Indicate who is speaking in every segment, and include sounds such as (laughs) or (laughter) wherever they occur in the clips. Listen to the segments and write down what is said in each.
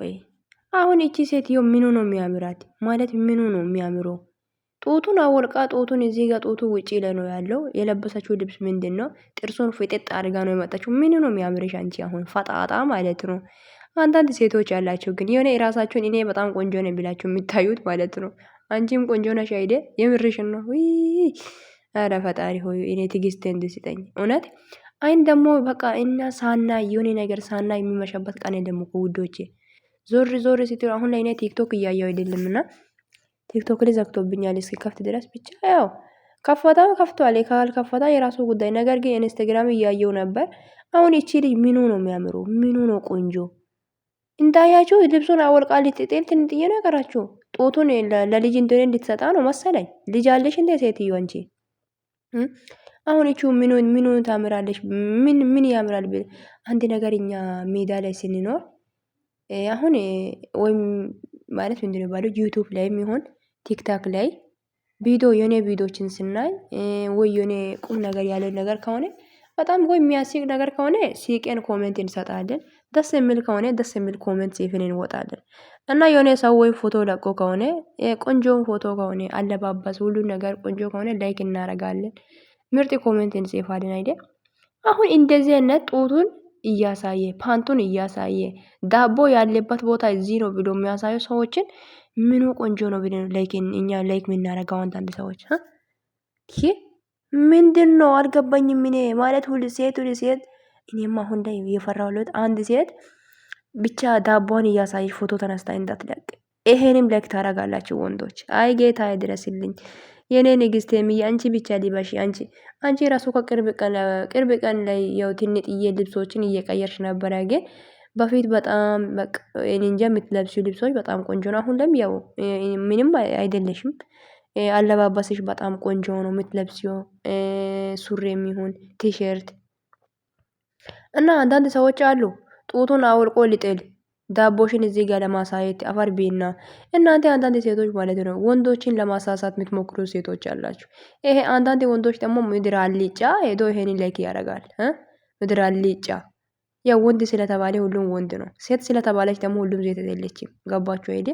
Speaker 1: ወይ አሁን እቺ ሴትዮ ምኑ ነው የሚያምራት? ማለት ምኑ ነው የሚያምሮ? ጡቱን አወልቃ ጡቱን እዚህ ጋር ጡቱ ውጪ ላይ ነው ያለው። የለበሰችው ልብስ ምንድን ነው? ጥርሱን ፍጥጥ አድርጋ ነው የመጣችው። ምኑ ነው የሚያምርሽ አንቺ? አሁን ፈጣጣ ማለት ነው። አንዳንድ ሴቶች ያላቸው ግን የሆነ የራሳቸውን እኔ በጣም ቆንጆ ነው ብላቸው የሚታዩት ማለት ነው። አንቺም ቆንጆ ነሽ አይደ? የምርሽን ነው? አረ ፈጣሪ ሆይ እኔ ትግስት እንድስጠኝ እውነት። አይን ደግሞ በቃ እና ሳና የሆነ ነገር ሳና የሚመሸበት ቀን ደግሞ ውዶቼ ዞር ዞር ስትል አሁን ላይ እኔ ቲክቶክ እያየው አይደለም እና ቲክቶክ ላይ ዘግቶብኛል። እስኪ ከፍት ድረስ ብቻ ያው ከፈታ ከፍቷል፣ ከፈታ የራሱ ጉዳይ። ነገር ግን ኢንስታግራም እያየው ነበር። አሁን ይቺ ልጅ ምኑ ነው የሚያምሩ? ምኑ ነው ቆንጆ? እንዳያችሁ ልብሱን አወልቃ ልትጥል ትንጥየ ነው ያቀራችሁ። ጦቱን ለልጅ እንደሆነ እንድትሰጣ ነው መሰለኝ። ልጅ አለሽ እንደ ሴትዮ አንቺ አሁን እቺ ምኑ ምኑን ታምራለች? ምን ምን ያምራል? አንድ ነገር እኛ ሜዳ ላይ ስንኖር አሁን ወይም ማለት ምንድን ነው ባለው ዩቱብ ላይ የሚሆን ቲክታክ ላይ ቪዲዮ የኔ ቪዲዮችን ስናይ ወይ የኔ ቁም ነገር ያለው ነገር ከሆነ በጣም ወይ የሚያስቅ ነገር ከሆነ ሲቄን ኮሜንት እንሰጣለን። ደስ የሚል ከሆነ ደስ የሚል ኮሜንት ጽፈን እንወጣለን። እና የሆነ ሰው ወይ ፎቶ ለቆ ከሆነ ቆንጆ ፎቶ ከሆነ አለባበስ፣ ሁሉ ነገር ቆንጆ ከሆነ ላይክ እናረጋለን። ምርጥ ኮሜንት እንጽፋለን አይደል? አሁን እንደዚህ አይነት ጡቱን እያሳየ ፓንቱን እያሳየ ዳቦ ያለበት ቦታ እዚህ ነው ብሎ የሚያሳዩ ሰዎችን ምኑ ቆንጆ ነው ብለን እኛ ላይክ የምናደርገው አንዳንድ ሰዎች ይህ ምንድን ነው አልገባኝም። እኔ ማለት ሁሉ ሴት ሁሉ ሴት እኔም አሁን ላይ የፈራሁለት አንድ ሴት ብቻ ዳቦን እያሳየች ፎቶ ተነስታ እንዳትለቅ። ይሄንም ላይክ ታደርጋላችሁ ወንዶች። አይ ጌታ የኔ ንግስት የሚዬ አንቺ ብቻ ሊበሽ አንቺ አንቺ ራሱ ከቅርብ ቅርብ ቀን ላይ ያው ትንጥዬ ልብሶችን እየቀየርሽ ነበረ፣ ግን በፊት በጣም እንጃ የምትለብሱ ልብሶች በጣም ቆንጆ ነው። አሁን ደም ያው ምንም አይደለሽም። አለባበስሽ በጣም ቆንጆ ነው የምትለብሲው ሱሪ የሚሆን ቲሸርት እና አንዳንድ ሰዎች አሉ ጡቱን አውልቆ ሊጥል ዳቦሽን እዚህ ጋር ለማሳየት አፈር ቤና እናንተ አንዳንድ ሴቶች ማለት ነው ወንዶችን ለማሳሳት የምትሞክሩ ሴቶች አላችሁ። ይሄ አንዳንድ ወንዶች ደግሞ ምድር አልጫ ሄዶ ይሄንን ላይክ ያደርጋል። ምድር አልጫ ያ ወንድ ስለተባለ ሁሉም ወንድ ነው። ሴት ስለተባለች ደግሞ ሁሉም ሴት የለችም። ገባችሁ ሄደ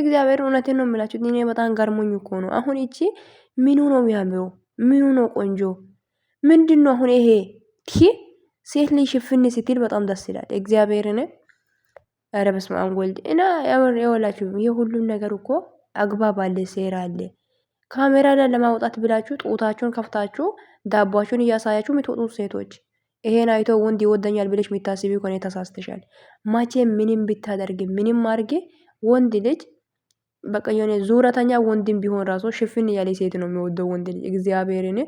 Speaker 1: እግዚአብሔር እውነትን ነው የሚላችሁ እኔ በጣም ገርሞኝ እኮ ነው አሁን። ይቺ ምኑ ነው የሚያምረው? ምኑ ነው ቆንጆ? ምንድን ነው አሁን ይሄ ሴት ልጅ ሽፍን ስትል በጣም ደስ ይላል። እግዚአብሔርን ኧረ በስመ አብ ወልድ እና የወላችሁ የሁሉም ነገር እኮ አግባብ አለ፣ ሴራ አለ። ካሜራ ላይ ለማውጣት ብላችሁ ጡታችሁን ከፍታችሁ ዳቧችሁን እያሳያችሁ የምትወጡ ሴቶች፣ ይሄን አይቶ ወንድ ይወደኛል ብለሽ የምታስቢ ከሆነ ተሳስተሻል። ማቼ ምንም ብታደርግ ምንም አድርጌ ወንድ ልጅ በቃ የሆነ ዙረተኛ ወንድም ቢሆን ራሱ ሽፍን እያለ ሴት ነው የሚወደው ወንድ ልጅ። እግዚአብሔርን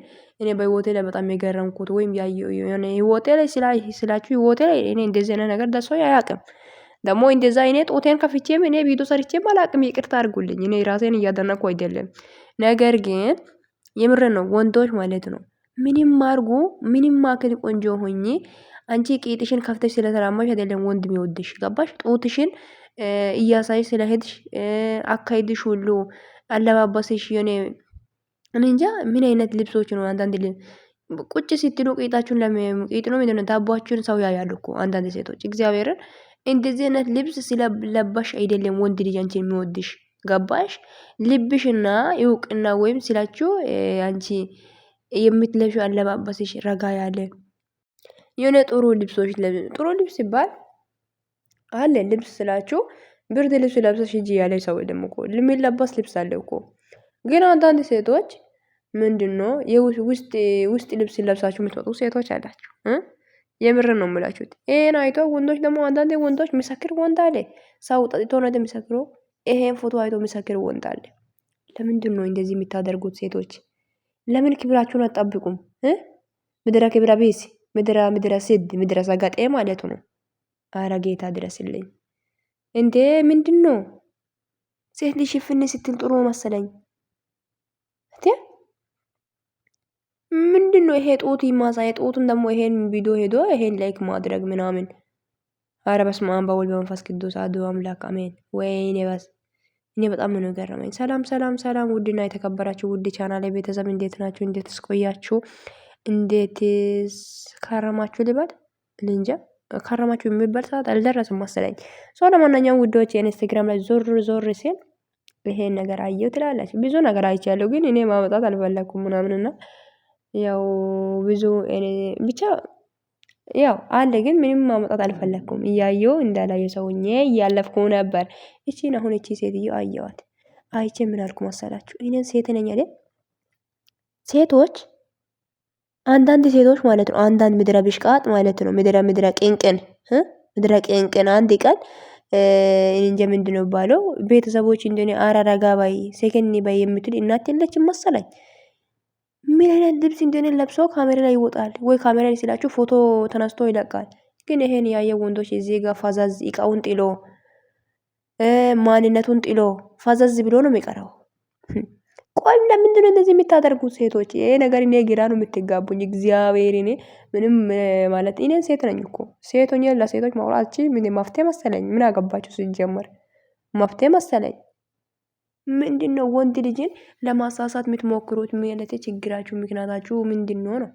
Speaker 1: እኔ በህይወቴ ላይ በጣም የገረምኩት ወይም ሆነ ህይወቴ ላይ ስላችሁ ህይወቴ ላይ እኔ እንደዚህ አይነት ነገር ደርሶ አያውቅም። ደግሞ እንደዛ እኔ ጦቴን ከፍቼም እኔ ቪዲዮ ሰርቼም አላቅም። ይቅርታ አድርጉልኝ። እኔ ራሴን እያደነኩ አይደለም። ነገር ግን የምር ነው ወንዶች ማለት ነው ምንም አርጉ፣ ምንም አክል ቆንጆ ሆኚ አንቺ ቂጥሽን ከፍተሽ ስለተራማሽ አይደለም ወንድ ሚወድሽ። ገባሽ? ጦትሽን እያሳይሽ ስለሄድሽ አካሄድሽ ሁሉ አለባበስሽ የኔ እንጃ ምን አይነት ልብሶች ነው አንዳንድ ቁጭ ስትሉ ቂጣችሁን ለቂጥ ነው ምንድነው ዳቧችሁን ሰው ያያሉ እኮ አንዳንድ ሴቶች እግዚአብሔርን እንደዚህ አይነት ልብስ ስለለባሽ አይደለም ወንድ ልጅ አንቺ የሚወድሽ ገባሽ? ልብሽና እውቅና ወይም ስላችሁ አንቺ የምትለብሽ አለባበስሽ ረጋ ያለ የሆነ ጥሩ ልብሶች ለ ጥሩ ልብስ ይባል አለ ልብስ ስላችሁ ብርድ ልብስ ለብሰሽ እጅ ያለ ሰው ደሞ እኮ የሚለበስ ልብስ አለ እኮ። ግን አንዳንድ ሴቶች ምንድን ነው የውስጥ ልብስ ለብሳችሁ የምትመጡ ሴቶች አላችሁ። የምር ነው የምላችሁት። ይሄን አይቶ ወንዶች ደግሞ አንዳንዴ ወንዶች የሚሰክር ወንድ አለ። ሰው ጠጥቶ ነው የሚሰክሮ። ይሄን ፎቶ አይቶ የሚሰክር ወንድ አለ። ለምንድን ነው እንደዚህ የምታደርጉት ሴቶች? ለምን ክብራችሁን አትጠብቁም? ምድረ ክብረ ቢስ፣ ምድረ ምድረ ስድ፣ ምድረ ሰገጤ ማለት ነው። አረ ጌታ ድረስልኝ እንዴ! ምንድን ነው ሴት ልጅ ሽፍን ስትል ጥሩ መሰለኝ። ምንድን ነው ይሄ ጦት ይማሳ? የጦትን ደግሞ ይሄን ቪዲዮ ሄዶ ይሄን ላይክ ማድረግ ምናምን። አረ በስመ አብ በወልድ በመንፈስ ቅዱስ አሐዱ አምላክ አሜን። ወይኔ በስ እኔ በጣም ነው ገረመኝ። ሰላም ሰላም ሰላም! ውድና የተከበራችሁ ውድ ቻናል ቤተሰብ እንዴት ናችሁ? እንዴትስ ቆያችሁ? እንዴት ከረማችሁ ልበል እንጃ ከረማችሁ የሚባል ሰዓት አልደረስም መሰለኝ። ሰው ለማናኛውም ውዶች የኢንስታግራም ላይ ዞር ዞር ሲል ይሄን ነገር አየው ትላላችሁ። ብዙ ነገር አይቻለሁ፣ ግን እኔ ማመጣት አልፈለኩም ምናምንና ያው ብዙ ብቻ ያው አለ ግን ምንም ማመጣት አልፈለግኩም። እያየው እንዳላየ ሰው ሆኜ እያለፍኩ ነበር። እቺን አሁን እቺ ሴትዮ አየዋት አይቼ ምን አልኩ መሰላችሁ? እኔን ሴት ነኝ አይደል? ሴቶች አንዳንድ ሴቶች ማለት ነው አንዳንድ ምድረ ብሽቃጥ ማለት ነው ምድረ ምድረ ቅንቅን ምድረ ቅንቅን አንድ ቀን እንጀ ምንድነው ባለው ቤተሰቦች እንደ አራራጋ ባይ ሴከኒ ባይ የምትል እናት የለችም መሰላኝ ምን አይነት ልብስ እንደሆነ ለብሶ ካሜራ ላይ ይወጣል ወይ ካሜራ ላይ ስላችሁ ፎቶ ተነስቶ ይለቃል። ግን ይሄን ያየ ወንዶች እዚህ ጋር ፋዛዝ እቃውን ጥሎ ማንነቱን ጥሎ ፋዛዝ ብሎ ነው የሚቀረው። (laughs) ቆይ ለምንድን ነው እንደዚህ የምታደርጉት ሴቶች? ይሄ ነገር እኔ ግራ ነው የምትጋቡኝ። እግዚአብሔር እኔ ምንም ማለት እኔ ሴት ነኝ እኮ ሴቶኛ ለሴቶች ማውራት ምን መፍትሄ መሰለኝ። ምን አገባችሁ ሲጀመር መፍትሄ መሰለኝ። ምንድን ነው ወንድ ልጅን ለማሳሳት የምትሞክሩት? ማለት ችግራችሁ ምክንያታችሁ ምንድን ነው ነው?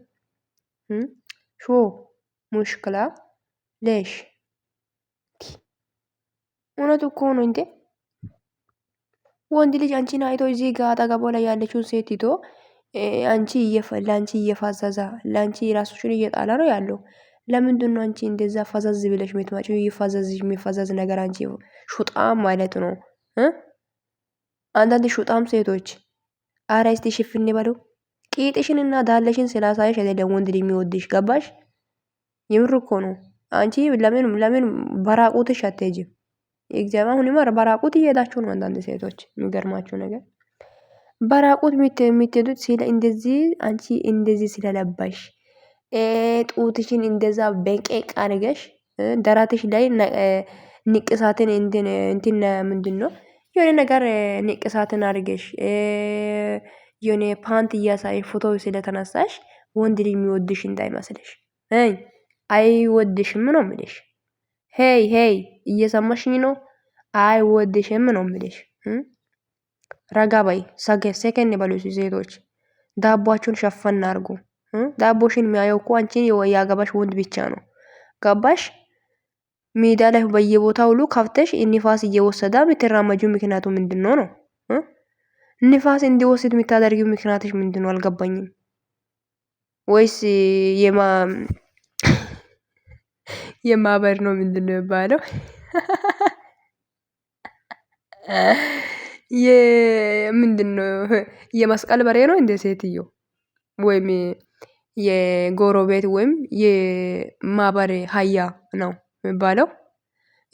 Speaker 1: ሾ ሙሽክላ ሌሽ እውነት እኮ ነው እንዴ! ወንድ ልጅ አንቺን አይቶ እዚህ ጋር አጠገቧ ላይ ያለችውን ሴት ይቶ አንቺ ለአንቺ እየፋዘዛ ለአንቺ ራሱሽን እየጣላ ነው ያለው። ለምንድን ነው አንቺ እንደዛ ፋዛዝ ብለሽ ምትመጪው? ይፋዘዝ የሚፋዘዝ ነገር አንቺ ሹጣም ማለት ነው። አንዳንድ ሹጣም ሴቶች አረ እስቲ ሽፍን በሉ እና ዳለሽን ስላሳየሽ አይደለም ወንድ የሚወድሽ ገባሽ? የምር እኮ ነው። አንቺ ለምን ለምን በራቁትሽ አትሄጂም? እግዚአብሔር አሁን ይመር በራቁት እየሄዳችሁ ነው አንዳንድ ሴቶች። የሚገርማችሁ ነገር በራቁት የምትሄዱት ሲለ እንደዚህ አንቺ እንደዚህ ስለለባሽ ጡትሽን እንደዛ በቄቅ አድርገሽ ደራትሽ ላይ ንቅሳትን እንትን ምንድን ነው የሆነ ነገር ንቅሳትን አድርገሽ የሆነ ፓንት እያሳይ ፎቶ ስለተነሳሽ ወንድ ልጅ የሚወድሽ እንዳይመስልሽ። አይወድሽም ነው ምልሽ። ሄይ ሄይ፣ እየሰማሽኝ ነው? አይወድሽም ነው ምልሽ። ረጋ በይ፣ ሰከን በሉ ሴቶች። ዳቧችሁን ሸፈን አርጉ። ዳቦሽን የሚያየው እኮ አንቺን ያገባሽ ወንድ ብቻ ነው። ገባሽ? ሜዳ ላይ በየቦታ ሁሉ ከፍተሽ ንፋስ እየወሰደ የምትራመጁ ምክንያቱ ምንድነው ነው? ንፋስ እንዲወስድ የምታደርጊው ምክንያትሽ ምንድነው? አልገባኝም። ወይስ የማበር ነው ምንድነው የሚባለው? ምንድነው የመስቀል በሬ ነው እንደ ሴትዮ ወይም የጎረቤት ወይም የማበር ሀያ ነው የሚባለው?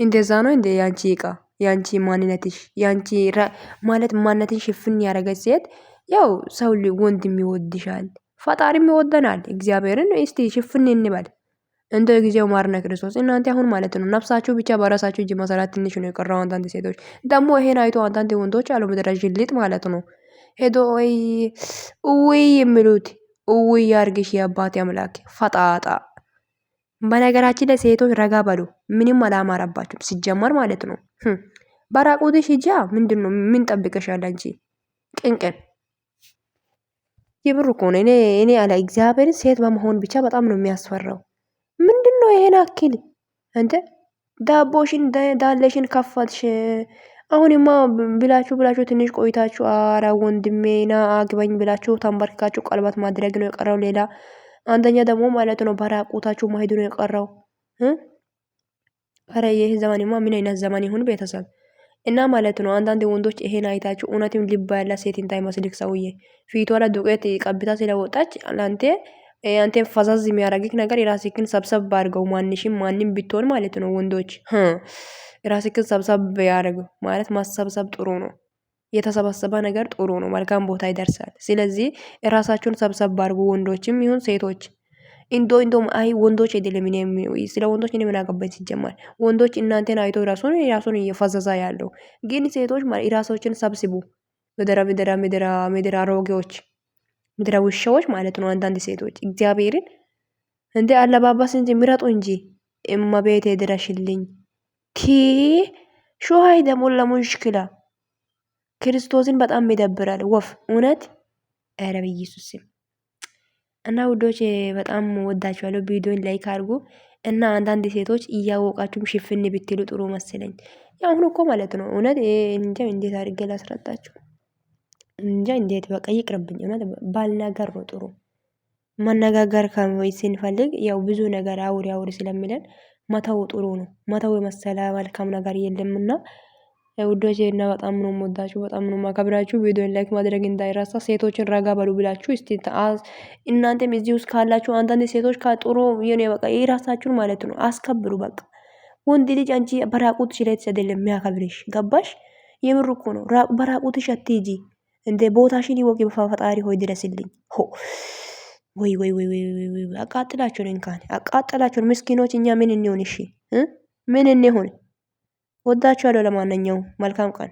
Speaker 1: እንደዛ ነው እንደ ያንቺ እቃ ያንቺ ማንነትሽ ያንቺ ማለት ማንነትሽ ሽፍን ያደረገች ሴት ያው ሰው ወንድ የሚወድሻል፣ ፈጣሪም ይወደናል። እግዚአብሔርን እስቲ ሽፍን እንበል እንደ ጊዜው ማርነ ክርስቶስ እናንተ አሁን ማለት ነው ነፍሳችሁ ብቻ በራሳችሁ እጅ መሰራት ትንሽ ነው የቀረው። አንዳንድ ሴቶች ደግሞ ይሄን አይቶ አንዳንድ ወንዶች አሉ መደራጅ ልጥ ማለት ነው ሄዶ ወይ እውይ የሚሉት እውይ ያርግሽ የአባት አምላክ ፈጣጣ በነገራችን ላይ ሴቶች ረጋ በሉ። ምንም አላማ አረባችሁም ሲጀመር ማለት ነው። በራቁትሽ ሂጂ። ምንድን ነው ምን ጠብቀሻል አንቺ? ቅንቅን የብር እኮ ነው። እኔ እኔ አለ እግዚአብሔር ሴት በመሆን ብቻ በጣም ነው የሚያስፈራው። ምንድን ነው ይሄን አክል እንደ ዳቦሽን ዳለሽን ከፋትሽ። አሁንማ ብላችሁ ብላችሁ ትንሽ ቆይታችሁ አራ ወንድሜና አግባኝ ብላችሁ ተንበርካችሁ ቀለበት ማድረግ ነው የቀረው ሌላ አንደኛ ደግሞ ማለት ነው በራቁታችሁ ማሄዱ ነው የቀረው። ኧረ ይህ ዘመንማ ምን አይነት ዘመን ይሁን ቤተሰብ እና ማለት ነው። አንዳንድ ወንዶች ይሄን አይታችሁ እውነትም ልባ ያላት ሴት እንዳይመስልክ ሰውዬ ፊቷ ላይ ዱቄት ቀብታ ስለወጣች ለአንቴ አንቴ ፈዛዝ የሚያደርግክ ነገር የራስክን ሰብሰብ አድርገው። ማንሽም ማንም ብትሆን ማለት ነው ወንዶች የራስክን ሰብሰብ ያደርገው ማለት ማሰብሰብ ጥሩ ነው። የተሰበሰበ ነገር ጥሩ ነው፣ መልካም ቦታ ይደርሳል። ስለዚህ ራሳችሁን ሰብሰብ አድርጉ፣ ወንዶችም ይሁን ሴቶች። እንዶ እንዶ አይ ወንዶች አይደለም እኔ ስለ ወንዶች እኔ ምን አገባኝ ሲጀመር ወንዶች እናንተን አይቶ ራሱን ራሱን እየፈዘዛ ያለው ግን ሴቶች ማለት ራሳችን ሰብስቡ ምድረ ምድረ ምድራ ምድራ አሮጌዎች ምድራ ውሻዎች ማለት ነው አንዳንድ ሴቶች እግዚአብሔርን እንደ አለባበስ እንጂ ምረጡ እንጂ እመቤቴ ድረሽልኝ ቲ ሹሃይ ደግሞ ለሙሽክላ ክርስቶስን በጣም ይደብራል። ወፍ እውነት ኧረ በኢየሱስ ስም እና ውዶች በጣም ወዳችኋለሁ። ቪዲዮን ላይክ አድርጉ እና አንዳንድ ሴቶች እያወቃችሁም ሽፍን ብትሉ ጥሩ መሰለኝ። አሁን እኮ ማለት ነው እውነት እንጃ እንዴት አድርጌ ላስረዳችሁ እንጃ እንዴት በቃ ይቅርብኝ። እውነት ባልነገር ነው ጥሩ። መነጋገር ከወይ ስንፈልግ ያው ብዙ ነገር አውሪ አውሪ ስለሚለን መተው ጥሩ ነው። መተው የመሰለ መልካም ነገር የለምና ውዶቼ እና በጣም ነው የምወዳችሁ፣ በጣም ነው ማከብራችሁ። ቪዲዮን ላይክ ማድረግ እንዳይረሳ። ሴቶችን ረጋ በሉ ብላችሁ እስቲ እናንተም እዚህ ውስጥ ካላችሁ አንዳንድ ሴቶች ከጥሩ የሆነ በቃ የራሳችሁን ማለት ነው አስከብሩ። በቃ ወንድ ልጅ አንቺ በራቁትሽ ላይ አይደለም የሚያከብርሽ። ገባሽ? የምር እኮ ነው። በራቁትሽ አትሂጂ እንዴ! ቦታሽን ይወቅ ይወቂ። ፈጣሪ ሆይ ድረስልኝ። ሆ ወይ ወይ ወይ ወይ! አቃጥላችሁን እንካን አቃጥላችሁን። ምስኪኖች እኛ ምን እንሆን? እሺ ምን እንሆን? ወዳችኋለሁ። ለማንኛውም መልካም ቀን